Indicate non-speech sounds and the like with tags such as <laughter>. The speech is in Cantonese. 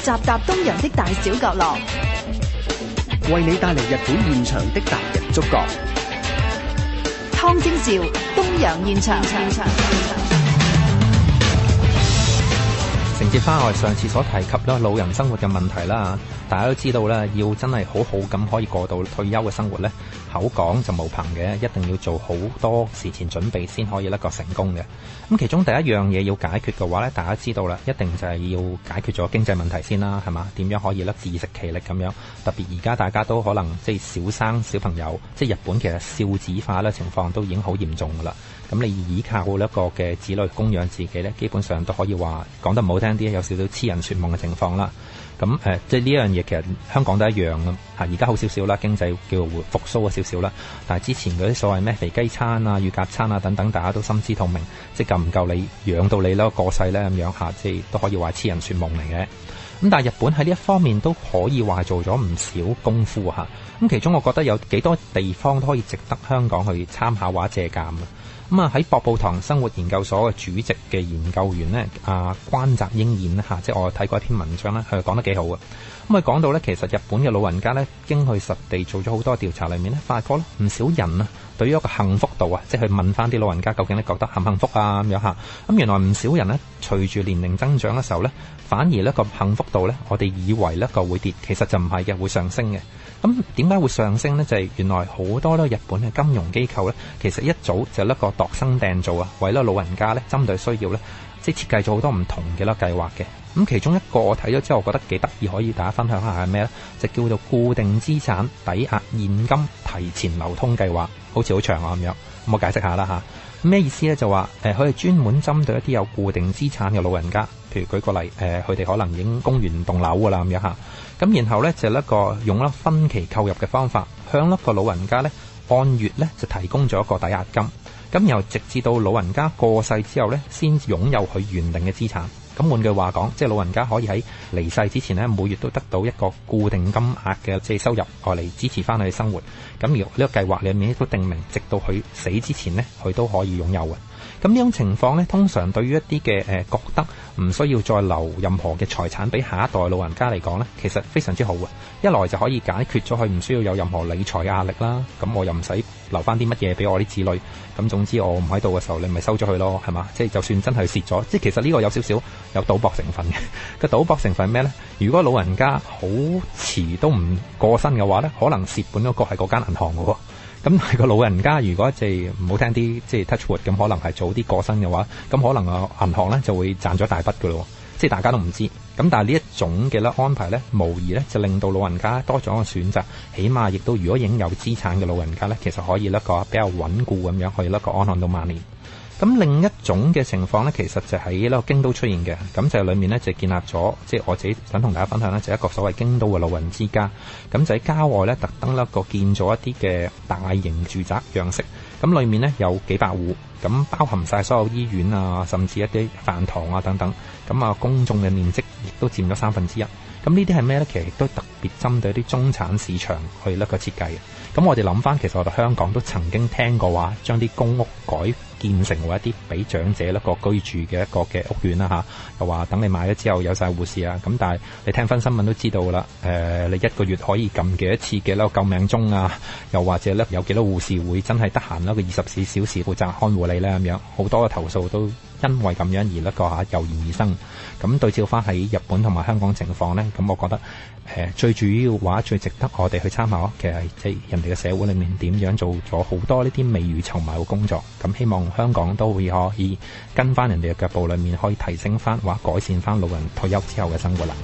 集合東洋的大小角落，為你帶嚟日本現場的大人觸覺，湯禎兆東洋現場。現場現場現場承接翻我上次所提及啦，老人生活嘅問題啦，大家都知道啦，要真係好好咁可以過到退休嘅生活咧，口講就冇憑嘅，一定要做好多事前準備先可以一個成功嘅。咁其中第一樣嘢要解決嘅話咧，大家知道啦，一定就係要解決咗經濟問題先啦，係嘛？點樣可以咧自食其力咁樣，特別而家大家都可能即係小生小朋友，即係日本其實少子化咧情況都已經好嚴重噶啦。咁你依靠一個嘅子女供養自己咧，基本上都可以話講得唔好聽。有少少痴人說夢嘅情況啦，咁誒、呃，即係呢樣嘢，其實香港都一樣咁吓，而家好少少啦，經濟叫復蘇咗少少啦，但係之前嗰啲所謂咩肥雞餐啊、乳鴿餐啊等等，大家都心知肚明，即係夠唔夠你養到你咯，過世咧咁樣吓，即係都可以話痴人說夢嚟嘅。咁但日本喺呢一方面都可以話做咗唔少功夫吓，咁其中我覺得有幾多地方都可以值得香港去參考或者借鑒啊。咁啊喺博報堂生活研究所嘅主席嘅研究員咧，啊關澤英顯啦吓即係我睇過一篇文章咧，佢講得幾好嘅。咁佢講到咧，其實日本嘅老人家咧，經去實地做咗好多調查裏面咧，發覺咧唔少人啊，對於一個幸福度啊，即係問翻啲老人家究竟咧覺得幸唔幸福啊咁樣吓，咁原來唔少人咧隨住年齡增長嘅時候咧，反而咧個幸福度咧，我哋以為咧個會跌，其實就唔係嘅，會上升嘅。咁點解會上升呢？就係原來好多咧日本嘅金融機構呢，其實一早就一個度身訂造啊，為咧老人家咧針對需要呢，即係設計咗好多唔同嘅啦計劃嘅。咁其中一個我睇咗之後，覺得幾得意，可以大家分享下係咩咧？就叫做固定資產抵押現金提前流通計劃，好似好長啊咁樣。咁我解釋下啦嚇。咩意思咧？就話誒，佢、呃、係專門針對一啲有固定資產嘅老人家，譬如舉個例，誒、呃，佢哋可能已經供完棟樓噶啦咁樣吓。咁然後呢，就一個用粒分期購入嘅方法，向嗰個老人家呢，按月呢就提供咗一個抵押金。咁然後直至到老人家過世之後呢，先擁有佢原定嘅資產。咁換句話講，即係老人家可以喺離世之前咧，每月都得到一個固定金額嘅即係收入，嚟支持翻佢生活。咁而呢個計劃裏面都定明，直到佢死之前咧，佢都可以擁有嘅。咁呢種情況咧，通常對於一啲嘅覺得。唔需要再留任何嘅財產俾下一代老人家嚟講呢，其實非常之好嘅，一來就可以解決咗佢唔需要有任何理財壓力啦。咁我又唔使留翻啲乜嘢俾我啲子女。咁總之我唔喺度嘅時候，你咪收咗佢咯，係嘛？即係就算真係蝕咗，即係其實呢個有少少有賭博成分嘅。個 <laughs> 賭博成分咩呢？如果老人家好遲都唔過身嘅話呢可能蝕本嘅確係嗰間銀行嘅喎。咁係個老人家，如果即係唔好聽啲即係、就是、touch wood 咁可能係早啲過身嘅話，咁可能啊銀行咧就會賺咗大筆嘅咯。即係大家都唔知。咁但係呢一種嘅咧安排咧，無疑咧就令到老人家多咗個選擇。起碼亦都如果已經有資產嘅老人家咧，其實可以甩個比較穩固咁樣去甩個安享到晚年。咁另一種嘅情況呢，其實就喺呢個京都出現嘅，咁就裏面呢，就建立咗，即係我自己想同大家分享呢，就一個所謂京都嘅老人之家，咁就喺郊外呢，特登呢個建咗一啲嘅大型住宅樣式，咁裏面呢，有幾百戶。咁包含曬所有醫院啊，甚至一啲飯堂啊等等，咁啊公眾嘅面積亦都佔咗三分之一。咁呢啲係咩呢？其實都特別針對啲中產市場去咧個設計。咁我哋諗翻，其實我哋香港都曾經聽過話，將啲公屋改建成為一啲俾長者甩個居住嘅一個嘅屋苑啦吓，又話等你買咗之後有曬護士啊。咁但係你聽翻新聞都知道啦。誒、呃、你一個月可以撳幾多次嘅咧救命鐘啊？又或者咧有幾多護士會真係得閒咧個二十四小時負責看護。咁樣，好多嘅投訴都因為咁樣而甩個下，油然而生。咁對照翻喺日本同埋香港情況呢，咁我覺得、呃、最主要話最值得我哋去參考嘅係，即人哋嘅社會裏面點樣做咗好多呢啲未雨綢繆嘅工作。咁希望香港都會可以跟翻人哋嘅腳步裏面，可以提升翻或改善翻老人退休之後嘅生活啦。